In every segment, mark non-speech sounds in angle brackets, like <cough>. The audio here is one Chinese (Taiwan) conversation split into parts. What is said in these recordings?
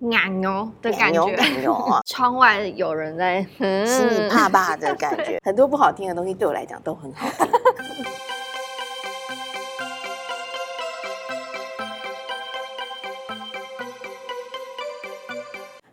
眼哦，娘娘的感覺， <laughs> 窗外有人在、嗯、心裡怕怕的感覺， <laughs> 對 很多不好聽的東西對我來講都很好聽。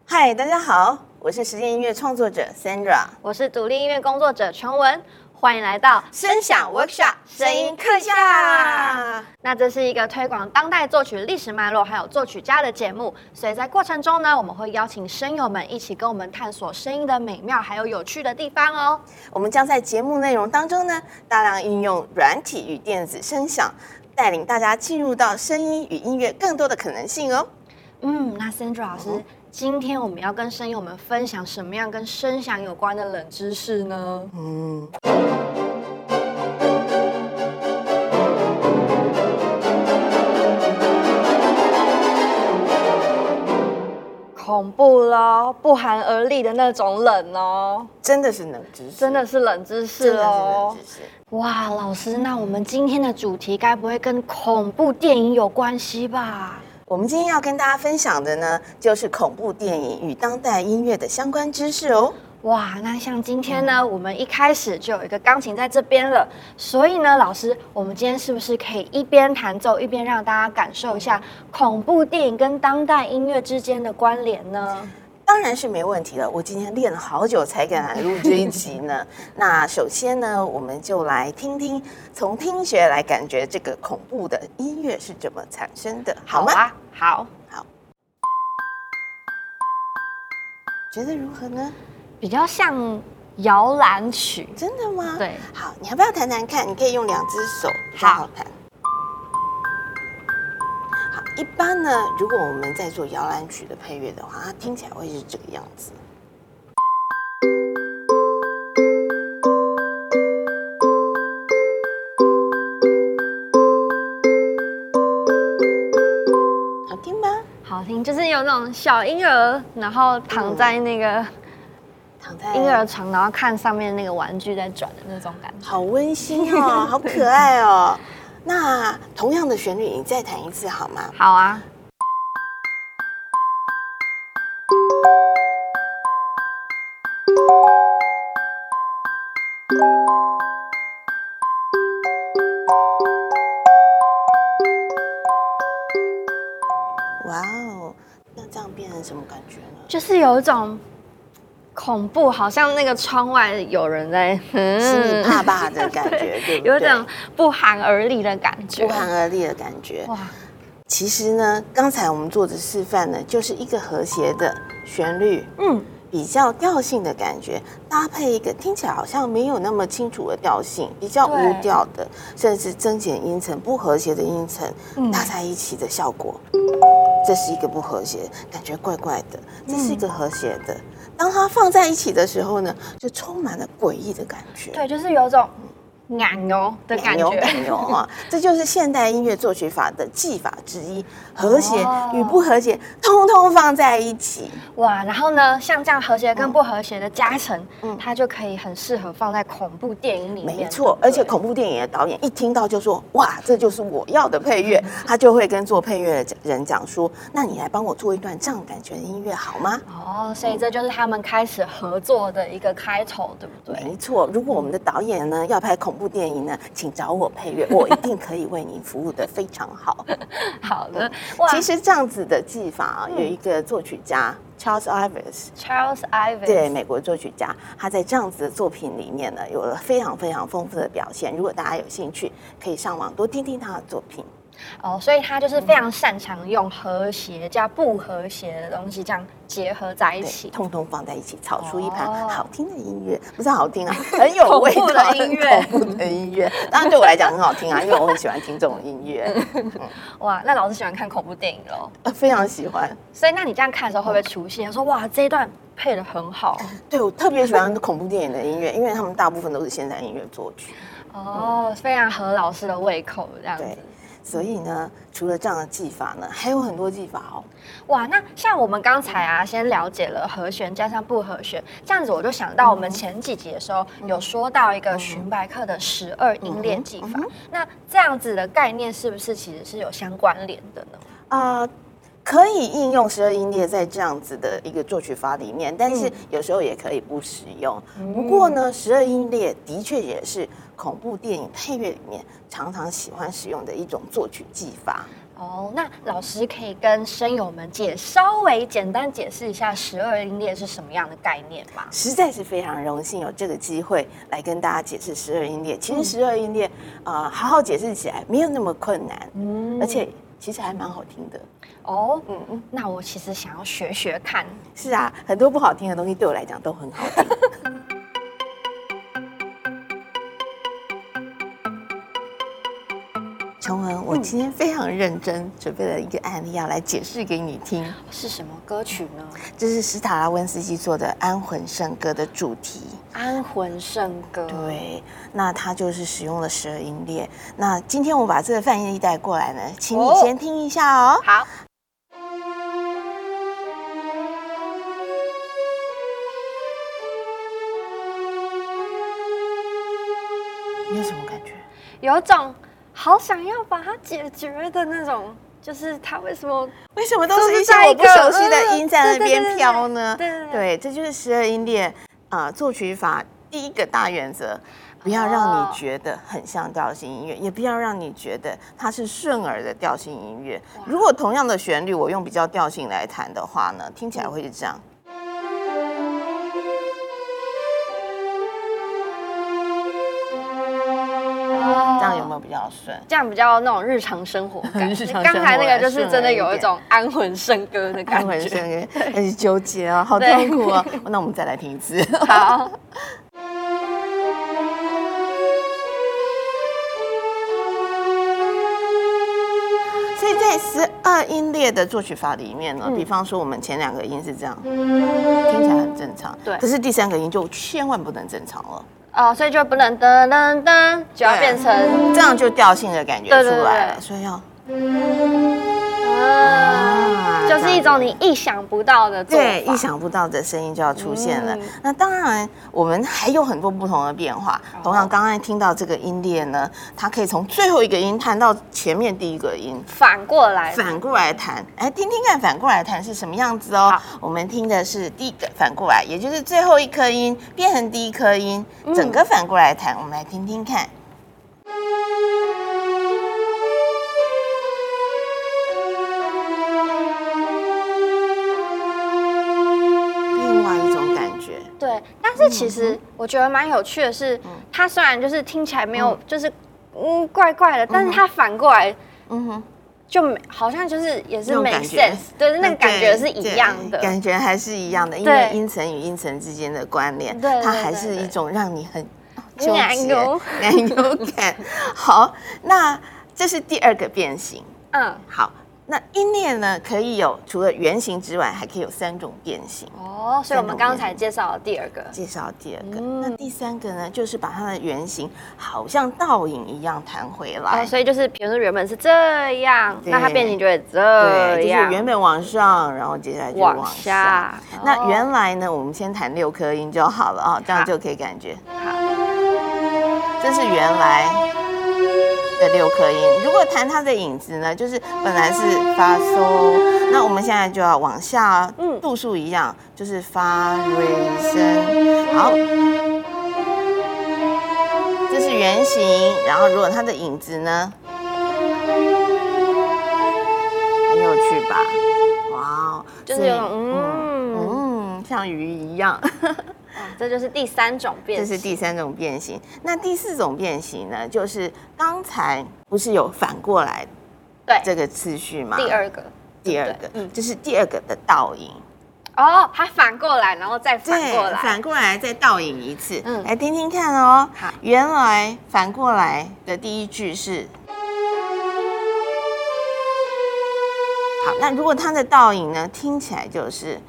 嗨，大家好，我是實驗音樂創作者 Sandra，我是獨立音樂工作者崇文。歡迎來到聲響 Workshop 聲音嗑一下，那這是一個推廣當代作曲歷史脈絡，還有作曲家的節目。所以在過程中呢，我們會邀請聲友們一起跟我們探索聲音的美妙還有有趣的地方哦。我們將在節目內容當中呢，大量運用軟體與電子聲響，帶領大家進入到聲音與音樂更多的可能性哦。嗯，那 Sandra 老師，嗯今天我們要跟聲友們分享什麼樣跟聲響有關的冷知識呢？嗯，恐怖咯，不寒而慄的那種冷哦，真的是冷知識，真的是冷知識哦。哇，老師，那我們今天的主題該不會跟恐怖電影有關係吧？我們今天要跟大家分享的呢，就是恐怖電影與當代音樂的相關知識哦。哇，那像今天呢，嗯、我們一開始就有一個鋼琴在這邊了，所以呢，老師，我們今天是不是可以一邊彈奏，一邊讓大家感受一下恐怖電影跟當代音樂之間的關聯呢？嗯當然是沒問題了，我今天練了好久才敢來錄這一集呢。 <laughs> 那首先呢，我們就來聽聽從聽覺來感覺這個恐怖的音樂是怎麼產生的，好嗎？好，啊、好，好，覺得如何呢？比較像搖籃曲，真的嗎？對。好，你要不要彈彈看？你可以用兩隻手好好彈。一般呢，如果我們在做搖籃曲的配樂的話，它聽起來會是這個樣子。好聽嗎？好聽，就是有那種小嬰兒，然後躺在那個嬰兒床，然後看上面那個玩具在轉的那種感覺。好溫馨哦，好可愛哦。那同樣的旋律，你再彈一次好嗎？好啊。哇哦，那這樣變成什麼感覺呢？就是有一種。恐怖，好像那個窗外有人在，嗯、心裡怕怕的感覺， <laughs> 對，對不對，有點不寒而慄的感覺，不寒而慄的感覺，哇！其實呢，剛才我們做的示範呢，就是一個和諧的旋律，嗯，比較調性的感覺，搭配一個聽起來好像沒有那麼清楚的調性，比較無調的，對甚至增減音層、不和諧的音層、嗯、搭在一起的效果。這是一個不和諧，感覺怪怪的。這是一個和諧的，當它放在一起的時候呢，就充滿了詭異的感覺。對，就是有種。牛的感覺，牛這就是現代音樂作曲法的技法之一，和諧與不和諧通通放在一起哇！然後呢，像這樣和諧跟不和諧的加成，嗯，它就可以很適合放在恐怖電影裡面，沒錯。而且恐怖電影的導演一聽到就說：“哇，這就是我要的配樂。”他就會跟做配樂的人講說：“那你來幫我做一段這樣感覺的音樂好嗎？”哦，所以這就是他們開始合作的一個開頭，對不對？沒錯。如果我們的導演呢要拍恐部電影呢，請找我配樂，我一定可以為您服務的非常好。 <laughs> 好的，哇。其實這樣子的技法啊，嗯，有一個作曲家 Charles Ives，Charles Ives。對，美國作曲家，他在這樣子的作品裡面呢，有了非常非常豐富的表現。如果大家有興趣，可以上網多聽聽他的作品。哦，所以他就是非常擅長用和諧加不和諧的東西這樣結合在一起，通通放在一起，炒出一盤好聽的音樂，不是好聽啊，很有味道的音樂，恐怖的音樂。當然對我來講很好聽啊，因為我很喜歡聽這種音樂。哇，那老師喜歡看恐怖電影咯，呃，非常喜歡。所以那你這樣看的時候會不會出現說哇，這一段配得很好？對，我特別喜歡恐怖電影的音樂，因為他們大部分都是現代音樂作曲。哦，非常合老師的胃口，這樣子。所以呢，除了這樣的技法呢，還有很多技法哦。哇，那像我們剛才啊，先了解了和弦加上不和弦，這樣子我就想到我們前幾集的時候、嗯、哼有說到一個荀白克的十二音列技法。嗯嗯嗯、那這樣子的概念是不是其實是有相關聯的呢？啊、呃，可以應用十二音列在這樣子的一個作曲法裡面，但是有時候也可以不使用。不過、嗯、呢，十二音列的確也是。恐怖電影配樂裡面常常喜歡使用的一種作曲技法哦，oh, 那老師可以跟聲友們解，稍微簡單解釋一下十二音列是什麼樣的概念嗎？實在是非常榮幸有這個機會來跟大家解釋十二音列。其實十二音列，嗯呃、好好解釋起來沒有那麼困難，嗯、而且其實還蠻好聽的哦。Oh, 嗯，那我其實想要學學看。是啊，很多不好聽的東西對我來講都很好聽。 <laughs> 同文，我今天非常認真準備了一個案例要來解釋給你聽，是什麼歌曲呢？這是斯塔拉溫斯基做的《安魂聖歌》的主題，《安魂聖歌》。對，那它就是使用了十二音列。那今天我把這個範例帶過來呢，請你先聽一下喔。哦。好。你有什麼感覺？有種。好想要把它解決的那種，就是它為什麼為什麼都是一些我不熟悉的音在那邊飄呢、呃？對對，這就是十二音列啊、呃，作曲法第一個大原則，不要讓你覺得很像調性音樂，哦、也不要讓你覺得它是順耳的調性音樂。哇如果同樣的旋律，我用比較調性來彈的話呢，聽起來會是這樣。嗯比較順，這樣比較那種日常生活感。剛才那個就是真的有一種安魂聖歌的感覺，安魂聖歌，很糾對結啊、喔，好痛苦啊、喔。對那我們再來聽一次。好。所以在十二音列的作曲法裡面呢，嗯、比方說我們前兩個音是這樣，對聽起來很正常。對。可是第三個音就千萬不能正常了。啊、哦，所以就不能噔噔噔，就要變成這樣，就調性的感覺出來了。對對對對，所以要。嗯就是一種你意想不到的，對，意想不到的聲音就要出現了。嗯、那當然，我們還有很多不同的變化。同樣，剛才聽到這個音列呢，它可以從最後一個音彈到前面第一個音，反過來，反過來彈。哎，聽聽看，反過來彈是什麼樣子哦？好我們聽的是第一個，反過來，也就是最後一顆音變成第一顆音，整個反過來彈。我們來聽聽看。嗯其實我覺得蠻有趣的是，它雖然就是聽起來沒有，就是嗯怪怪的，但是它反過來，嗯哼，就沒好像就是也是沒 sense，對，那個感覺是一樣的，感覺還是一樣的，因為音層與音層之間的關聯，對，它還是一種讓你很糾結、難有感。好，那這是第二個變形，嗯，好。那音列呢，可以有除了原型之外，還可以有三種變形哦。Oh, 形所以我們剛才介紹了第二個，介紹第二個。Mm. 那第三個呢，就是把它的原型好像倒影一樣彈回來。Oh, 所以就是，比如說原本是這樣，對那它變形就會這樣。就是原本往上，然後接下來就往，往下。那原來呢，我們先彈六顆音就好了啊，好這樣就可以感覺。好的這是原來。的六顆音，如果彈它的影子呢，就是本來是發嗦，那我們現在就要往下，嗯，度數一樣，嗯、就是發瑞聲。好，這是圓形。然後，如果它的影子呢，很有趣吧？哇哦，就是有，以嗯嗯，嗯，像魚一樣。 <laughs> 啊，這就是第三種變形，這是第三種變形。那第四種變形呢？就是剛才不是有反過來，對這個次序嗎？第二個，第二個，嗯，對對對，就是第二個的倒影。哦，它反過來，然後再反過來，反過來再倒影一次。嗯，來聽聽看哦、喔。好。原來反過來的第一句是。好，那如果它的倒影呢，聽起來就是。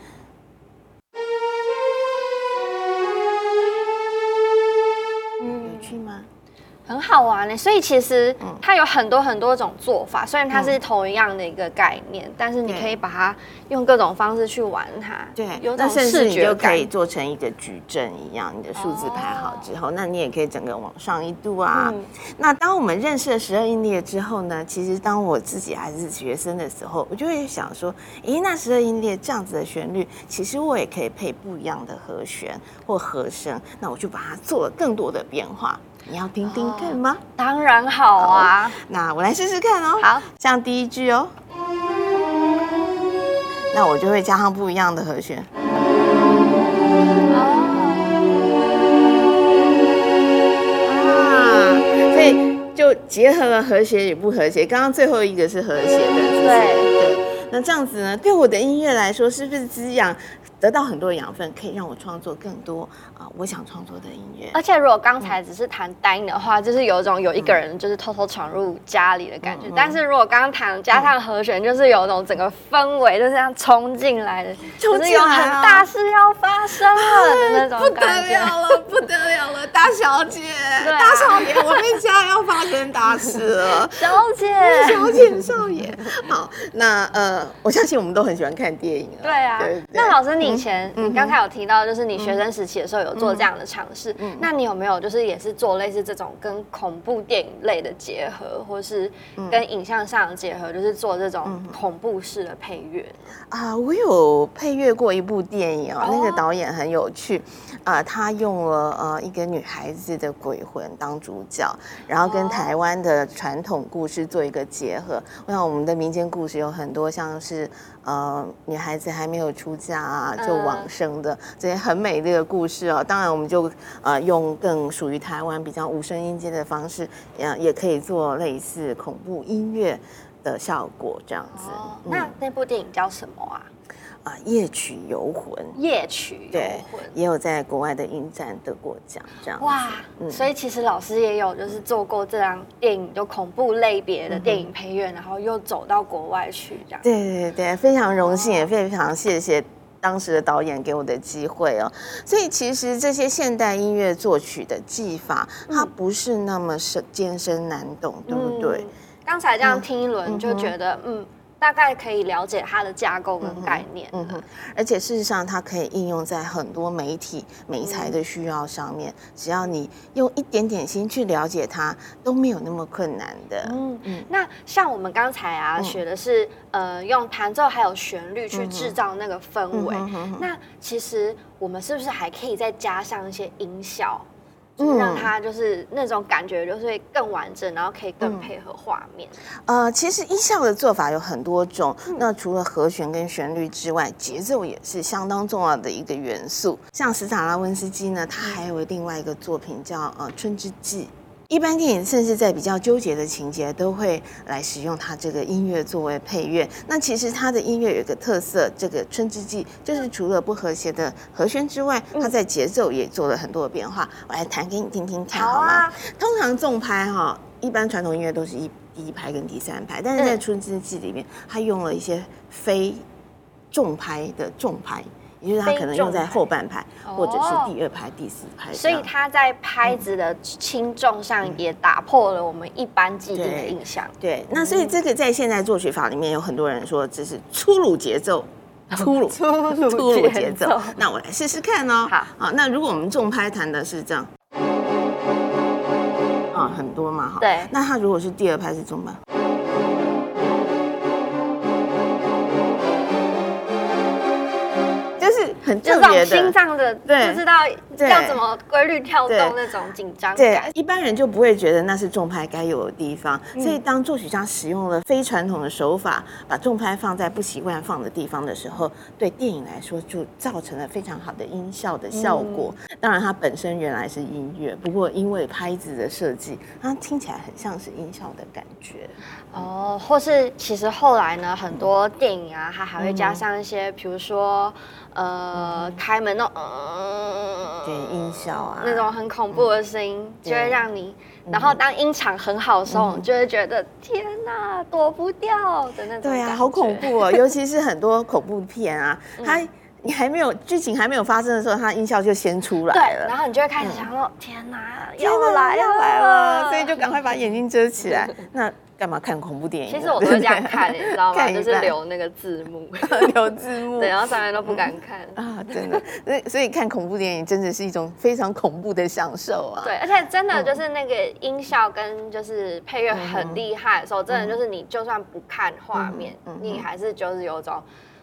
好玩、欸，所以其實它有很多很多種做法。嗯、雖然它是同樣的一個概念，嗯、但是你可以把它用各種方式去玩它。對，有種，那甚至你就可以做成一個矩陣一樣，哦、你的數字排好之後，那你也可以整個往上一度啊。嗯、那當我們認識了十二音列之後呢，其實當我自己還是學生的時候，我就會想說，咦、欸，那十二音列這樣子的旋律，其實我也可以配不一樣的和弦或和聲。那我就把它做了更多的變化。你要聽聽看嗎？哦、當然好啊！好，那我來試試看哦、喔。好，像第一句哦、喔，那我就會加上不一樣的和弦。哦、 <laughs> 啊，所以就結合了和諧與不和諧。剛剛最後一個是和諧的，對，對。那這樣子呢？對我的音樂來說，是不是滋養？得到很多養分，可以讓我創作更多啊、呃，我想創作的音樂。而且如果剛才只是彈單音的話，嗯、就是有一種有一個人就是偷偷闖入家裡的感覺。嗯、但是如果剛剛彈加上和弦，就是有一種整個氛圍就是這樣衝進來的，來的就是有很大事要發生了的那種，不得了了，不得了了，大小姐，啊、大少爺，我們家要發生大事了，小姐，小姐，少爺。好，那呃，我相信我們都很喜歡看電影啊。對啊，對對對，那老師你。以前你剛才有提到，就是你學生時期的時候有做這樣的嘗試，嗯嗯、那你有沒有就是也是做類似這種跟恐怖電影類的結合，或是跟影像上的結合，就是做這種恐怖式的配樂啊？我有配樂過一部電影啊，哦、那個導演很有趣啊，他用了呃一個女孩子的鬼魂當主角，然後跟台灣的傳統故事做一個結合。哦、我想我們的民間故事有很多，像是呃女孩子還沒有出嫁啊。就往生的、嗯、這些很美麗的故事哦，喔，當然我們就呃用更屬於台灣比較無聲音階的方式，也也可以做類似恐怖音樂的效果這樣子。那，哦嗯、那部電影叫什麼啊？啊、呃，夜曲遊魂。夜曲遊魂，對，也有在國外的影展得過獎這樣。哇，嗯、所以其實老師也有就是做過這樣電影，嗯、就恐怖類別的電影配樂，嗯、哼然後又走到國外去這樣。對對對，非常榮幸，哦、也非常謝謝當時的導演給我的機會哦、喔，所以其實這些現代音樂作曲的技法，它不是那麼艱深難懂，對不對、嗯？剛、嗯、才這樣聽一輪就覺得，嗯。嗯大概可以了解它的架構跟概念，嗯，嗯嗯，而且事實上，它可以應用在很多媒體、媒材的需要上面。嗯，只要你用一點點心去了解它，都沒有那麼困難的，嗯嗯。那像我們剛才啊，嗯，學的是，呃，用彈奏還有旋律去制造那個氛圍。嗯，哼那其實我們是不是還可以再加上一些音效？讓它就是那種感覺，就是會更完整，然後可以更配合畫面。嗯。呃，其實音效的做法有很多種。嗯、那除了和弦跟旋律之外，節奏也是相當重要的一個元素。像史特拉汶斯基呢，他還有另外一個作品叫，呃，《春之祭》。一般電影，甚至在比較糾結的情節，都會來使用它這個音樂作為配樂。那其實它的音樂有一個特色，這個《春之祭》就是除了不和諧的和弦之外，它在節奏也做了很多的變化。我來彈給你聽聽看，好嗎？好啊。通常重拍哈，一般傳統音樂都是一第一拍跟第三拍，但是在《春之祭》裡面，它用了一些非重拍的重拍。也就是它可能用在後半拍，或者是第二拍，oh, 第四拍。所以它在拍子的輕重上也打破了我們一般既定的印象。對，對嗯、那所以這個在現在作曲法裡面有很多人說，這是粗魯節奏，粗魯粗魯節奏。那我來試試看哦、喔。好，好，那如果我們重拍彈的是這樣，啊好，很多嘛，哈。對，那它如果是第二拍是重拍。很的就這種心臟的，不對知道。要怎麼規律跳動對那種緊張感？對，一般人就不會覺得那是重拍該有的地方。嗯、所以，當作曲家使用了非傳統的手法，把重拍放在不習慣放的地方的時候，對電影來說就造成了非常好的音效的效果。嗯、當然，它本身原來是音樂，不過因為拍子的設計，它聽起來很像是音效的感覺。哦、嗯，或是其實後來呢，很多電影啊，它還會加上一些，比如說，呃，開門哦。嗯、呃。音效啊，那種很恐怖的聲音、嗯、就會讓你，嗯、然後當音場很好的時候，嗯、就會覺得天哪、啊，躲不掉的那種。對啊，好恐怖哦，尤其是很多恐怖片啊， <laughs> 它你還沒有劇情還沒有發生的時候，它的音效就先出來了，對，然後你就會開始想說：嗯、天哪、啊，要來了、啊、要來了，所以就趕快把眼睛遮起來。 <laughs> 那。幹嘛看恐怖電影？其實我都是這樣看，你知道嗎？就是留那個字幕，留字幕，然後上面都不敢看啊！真的，所以所以看恐怖電影真的是一種非常恐怖的享受啊！對，而且真的就是那個音效跟就是配樂很厲害的時候，真的就是你就算不看畫面，你還是就是有種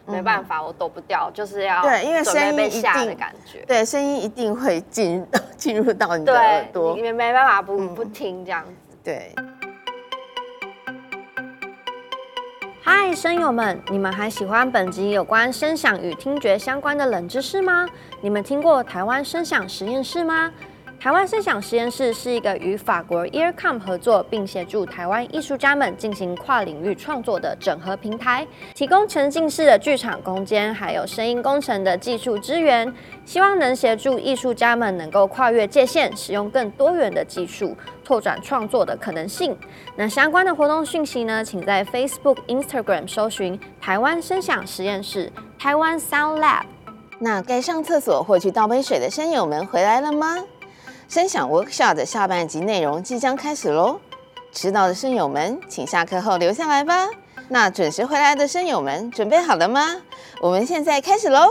沒辦法，我躲不掉，就是要對，因為聲音被嚇的感覺，對，聲音一定會進進入到你的耳朵，你沒辦法不不聽這樣子，對。嗨，聲友們，你們還喜歡本集有關聲響與聽覺相關的冷知識嗎？你們聽過台灣聲響實驗室嗎？台灣聲響實驗室是一個與法國 Earcom 合作，並協助台灣藝術家們進行跨領域創作的整合平台，提供沉浸式的劇場空間，還有聲音工程的技術支援，希望能協助藝術家們能夠跨越界限，使用更多元的技術，拓展創作的可能性。那相關的活動訊息呢？請在 Facebook、Instagram 搜尋“台灣聲響實驗室”、“台灣 Sound Lab”。那該上廁所或去倒杯水的仙友們回來了嗎？聲響 workshop 的下半集內容即將開始嘍，遲到的聲友們，請下課後留下來吧。那準時回來的聲友們，準備好了嗎？我們現在開始嘍。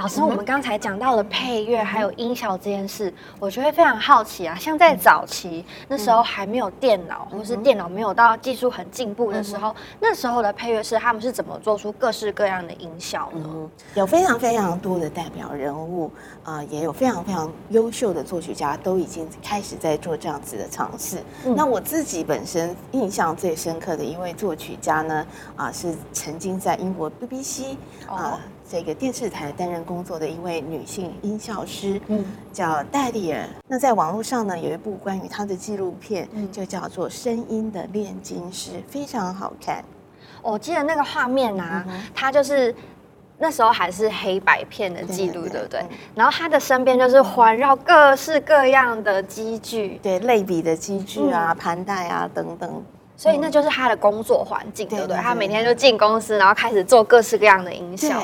老師，我們剛才講到了配樂還有音效這件事，我就會非常好奇啊。像在早期那時候還沒有電腦，或是電腦沒有到技術很進步的時候，那時候的配樂師他們是怎麼做出各式各樣的音效呢？有非常非常多的代表人物啊、呃，也有非常非常優秀的作曲家都已經開始在做這樣子的嘗試。那我自己本身印象最深刻的一位作曲家呢，啊、呃，是曾經在英國 BBC 啊、呃。哦這個電視台擔任工作的一位女性音效師，嗯，叫戴麗爾。那在網絡上呢，有一部關於她的紀錄片，嗯，就叫做《聲音的煉金師》，非常好看、哦。我記得那個畫面啊，她、嗯、哼就是那時候還是黑白片的記錄，對不對？然後她的身邊就是環繞各式各樣的機具，對，類比的機具啊，嗯、盤帶啊等等。所以那就是他的工作環境，對不對？對對對，他每天就進公司，然後開始做各式各樣的營銷。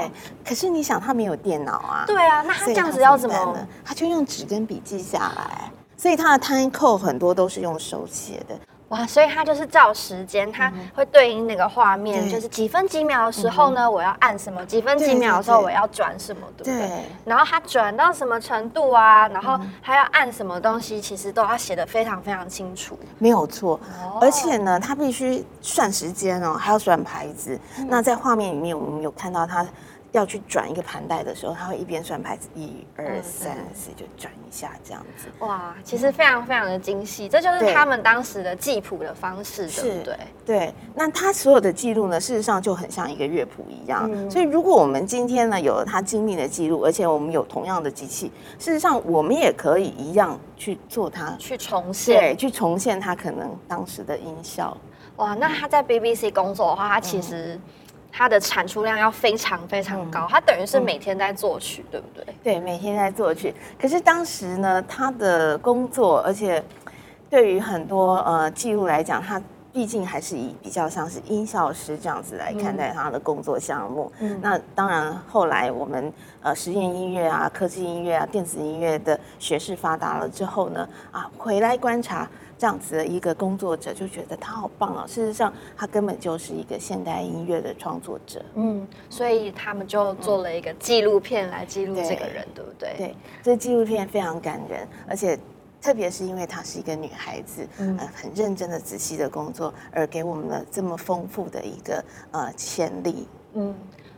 可是你想，他沒有電腦啊？對啊，那他這樣子要怎麼辦呢？他就用紙跟筆記下來，所以他的 time code 很多都是用手寫的。哇，所以它就是照時間，它會對應那個畫面，嗯、就是幾分幾秒的時候呢，嗯、哼我要按什麼？幾分幾秒的時候，我要轉什,什麼？對。對。對然後它轉到什麼程度啊？然後還要按什麼東西，嗯、其實都要寫得非常非常清楚。沒有錯，哦、而且呢，它必須算時間哦、喔，還要算牌子。嗯、那在畫面裡面，我們有看到它。要去轉一個盤帶的時候，他會一邊算牌子，一二三四，就轉一下這樣子。子、嗯、哇，其實非常非常的精細，嗯、這就是他們當時的記譜的方式，對不對？對。那他所有的記錄呢，事實上就很像一個樂譜一樣。嗯、所以，如果我們今天呢有了他精密的記錄，而且我們有同樣的機器，事實上我們也可以一樣去做它，去重現，對，去重現他可能當時的音效。嗯、哇，那他在 BBC 工作的話，他其實、嗯。它的產出量要非常非常高，嗯、它等於是每天在作曲，嗯、對不對？對，每天在作曲。可是當時呢，他的工作，而且對於很多呃記錄來講，他畢竟還是以比較像是音效師這樣子來看待他的工作項目。嗯，那當然，後來我們呃實驗音樂啊、科技音樂啊、電子音樂的學識發達了之後呢，啊，回來觀察。這樣子的一個工作者就覺得他好棒啊、哦！嗯、事實上，他根本就是一個現代音樂的創作者。嗯，所以他們就做了一個紀錄片來記錄這個人，對,這個人對不對？對，這紀錄片非常感人，嗯、而且特別是因為他是一個女孩子，嗯、呃，很認真的、仔細的工作，而給我們了這麼豐富的一個呃潛力。嗯。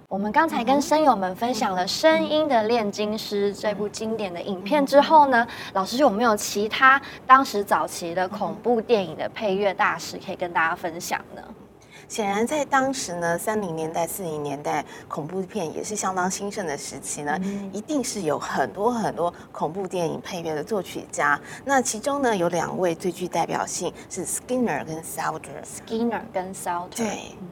我們剛才跟聲友們分享了《聲音的煉金師》這部經典的影片之後呢，老師有沒有其他當時早期的恐怖電影的配樂大師可以跟大家分享呢？顯然，在當時呢，三零年代、四零年代恐怖片也是相當興盛的時期呢，嗯，一定是有很多很多恐怖電影配樂的作曲家。那其中呢，有兩位最具代表性是 Skinner 跟 Salter。Skinner 跟 Salter。對，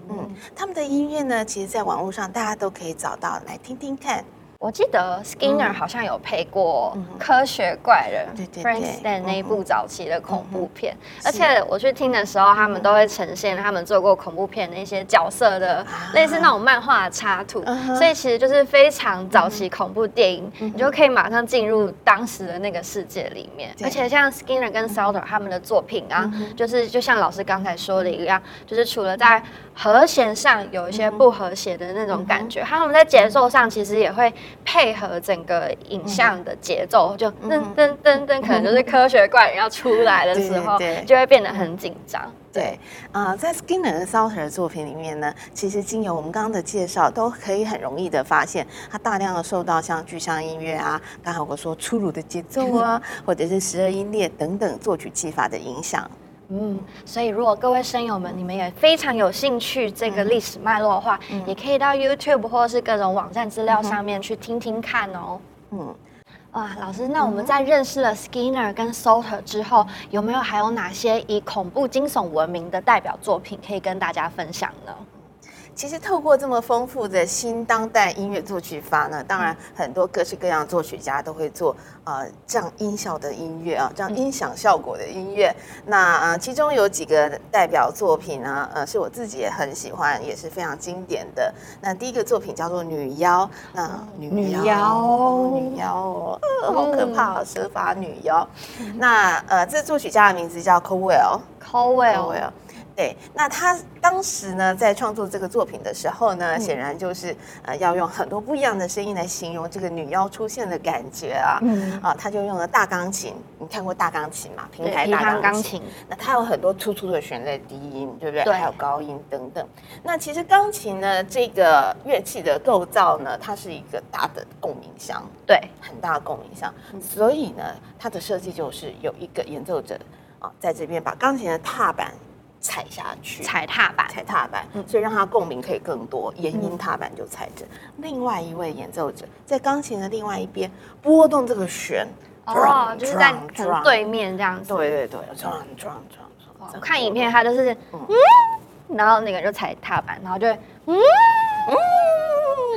嗯，嗯，他們的音樂呢，其實在網絡上大家都可以找到來聽聽看。我記得 Skinner 好像有配過《科學怪人》，Frankenstein 那一部早期的恐怖片。而且我去聽的時候，他們都會呈現他們做過恐怖片的一些角色的類似那種漫畫插圖，所以其實就是非常早期恐怖電影，你就可以馬上進入當時的那個世界裡面。而且像 Skinner 跟 Slaughter 他們的作品啊，就是就像老師剛才說的一樣，就是除了在和弦上有一些不和諧的那種感覺，嗯、哼他們在節奏上其實也會配合整個影像的節奏，嗯、哼就噔噔噔噔，嗯、哼可能就是科學怪人要出來的時候，就會變得很緊張。對，啊，在 Skinner 和 Salter 的作品裡面呢，其實經由我們剛剛的介紹，都可以很容易的發現，它大量的受到像具象音樂啊，剛好我說粗魯的節奏啊， <laughs> 或者是十二音列等等作曲技法的影響。嗯，所以如果各位聲友們，你們也非常有興趣這個歷史脈絡的話，嗯、也可以到 YouTube 或者是各種網站資料上面去聽聽看哦。嗯，哇，老師，那我們在認識了 Skinner 跟 Salter 之後，有沒有還有哪些以恐怖驚悚聞名的代表作品可以跟大家分享呢？其實透過這麼豐富的新當代音樂作曲法呢，當然很多各式各樣作曲家都會做呃這樣音效的音樂啊，這樣音響效果的音樂。那呃其中有幾個代表作品呢，啊，呃是我自己也很喜歡，也是非常經典的。那第一個作品叫做《女妖》，那女妖女妖，哦哦女妖哦呃，好可怕啊，哦，嗯、蛇髮女妖。那呃這作曲家的名字叫 Cowell，Cowell Cowell。對，那他當時呢，在創作這個作品的時候呢，嗯、顯然就是呃，要用很多不一樣的聲音來形容這個女妖出現的感覺啊。嗯。啊，他就用了大鋼琴。你看過大鋼琴嗎？平台大鋼琴。鋼琴，那它有很多突出的旋律低音，對不對？對。還有高音等等。那其實鋼琴呢，這個樂器的構造呢，它是一個大的共鳴箱，對，很大的共鳴箱。嗯、所以呢，它的設計就是有一個演奏者啊，在這邊把鋼琴的踏板。踩下去，踩踏板，踩踏板，嗯、所以讓它共鳴可以更多。延音踏板就踩着。嗯、另外一位演奏者在鋼琴的另外一邊撥動這個弦，哦，就是在對面這樣子。對對對，撞撞撞撞。我看影片他、就是，他都是嗯，然後那個就踩踏板，然後就嗯。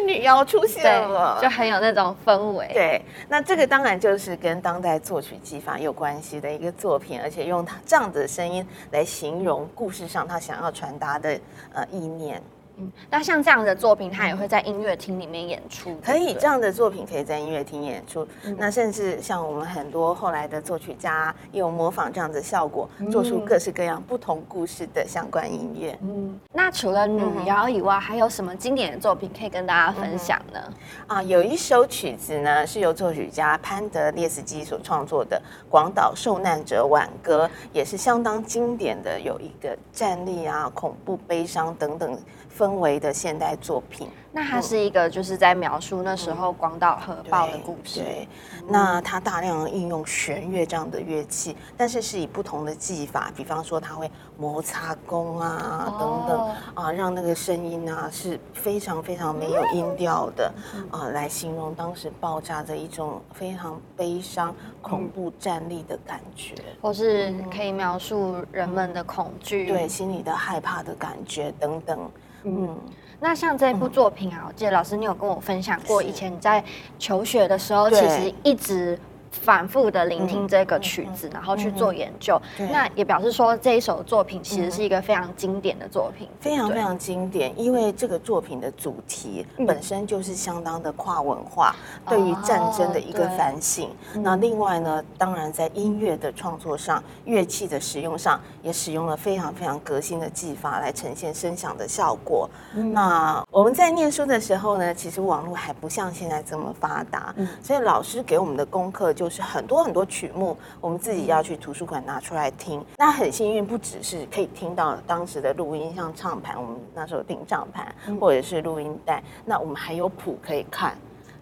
女妖出現了，就很有那種氛圍。對，那這個當然就是跟當代作曲技法有關係的一個作品，而且用他這樣子的聲音來形容故事上他想要傳達的呃意念。嗯、那像這樣的作品，它也會在音樂廳裡面演出。可以，對對這樣的作品可以在音樂廳演出。嗯、那甚至像我們很多後來的作曲家，也有模仿這樣的效果，嗯、做出各式各樣不同故事的相關音樂。嗯，那除了女妖以外，嗯、哼還有什麼經典的作品可以跟大家分享呢？嗯、啊，有一首曲子呢，是由作曲家潘德列斯基所創作的《廣島受難者挽歌》，也是相當經典的，有一個戰栗啊、恐怖、悲傷等等分氛圍的現代作品，那它是一個就是在描述那時候廣島核爆的故事、嗯對。對，那它大量的應用弦樂這樣的樂器，但是是以不同的技法，比方說它會摩擦弓啊等等、哦、啊，讓那個聲音啊是非常非常沒有音調的、嗯、啊，來形容當時爆炸的一種非常悲傷、恐怖、戰慄的感覺，或是可以描述人們的恐懼、嗯、對心裡的害怕的感覺等等。嗯，那像這一部作品啊，嗯，我記得老師你有跟我分享過，以前你在求學的時候，其實一直。反覆的聆聽這個曲子，嗯、然後去做研究，嗯、對那也表示說這一首作品其實是一個非常經典的作品，嗯、對不對？非常非常經典。因為這個作品的主題本身就是相當的跨文化，嗯、對於戰爭的一個反省。哦、那另外呢，當然在音樂的創作上，樂器的使用上，也使用了非常非常革新的技法來呈現聲響的效果。嗯、那我們在念書的時候呢，其實網絡還不像現在這麼發達，嗯、所以老師給我們的功課。就是很多很多曲目，我們自己要去圖書館拿出來聽。那很幸運，不只是可以聽到當時的錄音，像唱盤，我們那時候訂唱盤，嗯、或者是錄音帶。那我們還有譜可以看，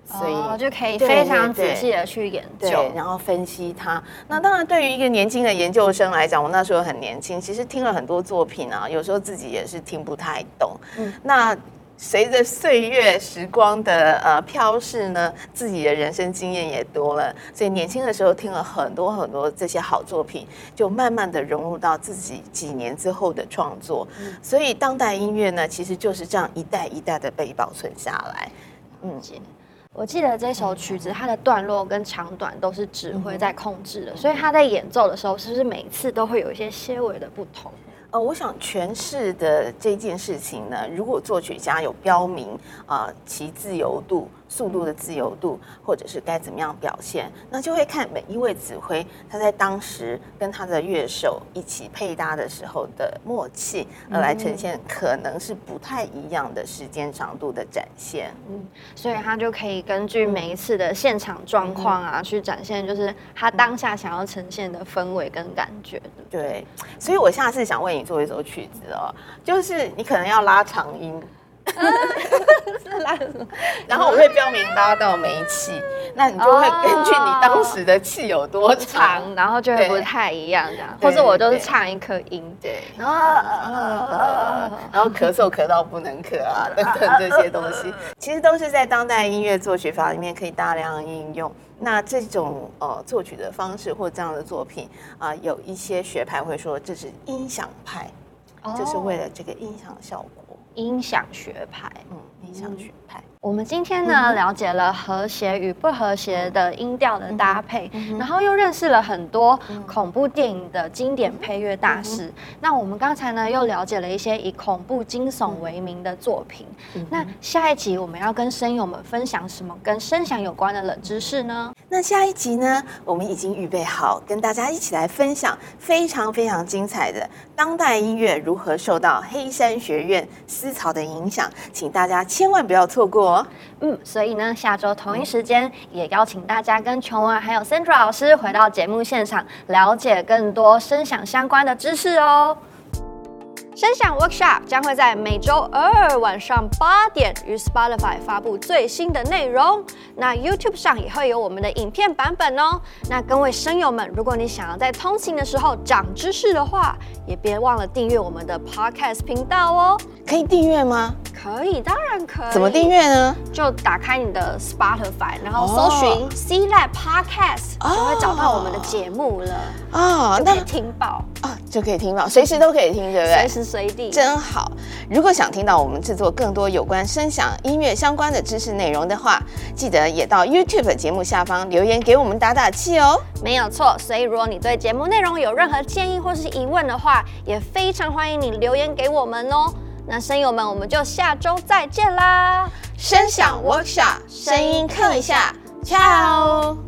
所以、哦、就可以非常仔細的去研究對對對，然後分析它。那當然，對於一個年輕的研究生來講，我那時候很年輕，其實聽了很多作品啊，有時候自己也是聽不太懂。嗯、那。隨着歲月時光的呃飄逝呢，自己的人生經驗也多了，所以年輕的時候聽了很多很多這些好作品，就慢慢的融入到自己幾年之後的創作。嗯、所以當代音樂呢，其實就是這樣一代一代的被保存下來。嗯，我記得這首曲子它的段落跟長短都是指揮在控制的，嗯、哼所以他在演奏的時候是不是每次都會有一些些微的不同？呃、哦，我想詮釋的這件事情呢，如果作曲家有標明啊、呃，其自由度。速度的自由度，嗯、或者是該怎麼樣表現，那就會看每一位指揮他在當時跟他的樂手一起配搭的時候的默契，而來呈現可能是不太一樣的時間長度的展現。嗯，所以他就可以根據每一次的現場狀況啊，嗯、去展現就是他當下想要呈現的氛圍跟感覺。對，對，對，所以我下次想為你做一首曲子哦，就是你可能要拉長音，是拉，然後我會標明拉到煤氣，那你就會根據你當時的氣有多長，然後就會不太一樣這樣，或者我就是唱一顆音，對，然後咳嗽咳到不能咳啊等等這些東西，其實都是在當代音樂作曲法裡面可以大量應用。那這種呃作曲的方式或這樣的作品啊，有一些學派會說這是音響派，就是為了這個音響效果。音響學派，嗯，音響學派。我們今天呢，了解了和諧與不和諧的音調的搭配，然後又認識了很多恐怖電影的經典配樂大師。那我們剛才呢，又了解了一些以恐怖驚悚為名的作品。那下一集我們要跟聲友們分享什麼跟聲響有關的冷知識呢？那下一集呢，我們已經預備好，跟大家一起來分享非常非常精彩的當代音樂如何受到黑山學院思潮的影響，請大家千萬不要錯過。嗯、所以呢，下週同一時間也邀請大家跟瓊文、啊、還有 Sandra 老師回到節目現場，了解更多聲響相關的知識哦。聲響 Workshop 將會在每週二、二晚上八點於 Spotify 發布最新的內容，那 YouTube 上也會有我們的影片版本哦。那各位聲友們，如果你想要在通勤的時候漲知識的話，也別忘了訂閱我們的 Podcast 頻道哦。可以訂閱嗎？可以，當然可以。怎麼訂閱呢？就打開你的 Spotify，然後搜尋 C Lab Podcast，就會、oh, 找到我們的節目了。啊，那聽報就可以聽到，隨時都可以聽，對不對？隨時隨地，隨時隨地真好。如果想聽到我們製作更多有關聲響音樂相關的知識內容的話，記得也到 YouTube 節目下方留言給我們打打氣哦。沒有錯，所以如果你對節目內容有任何建議或是疑問的話，也非常歡迎你留言給我們哦。那聲友們，我們就下周再見啦！聲響 workshop，聲音嗑一下，ciao。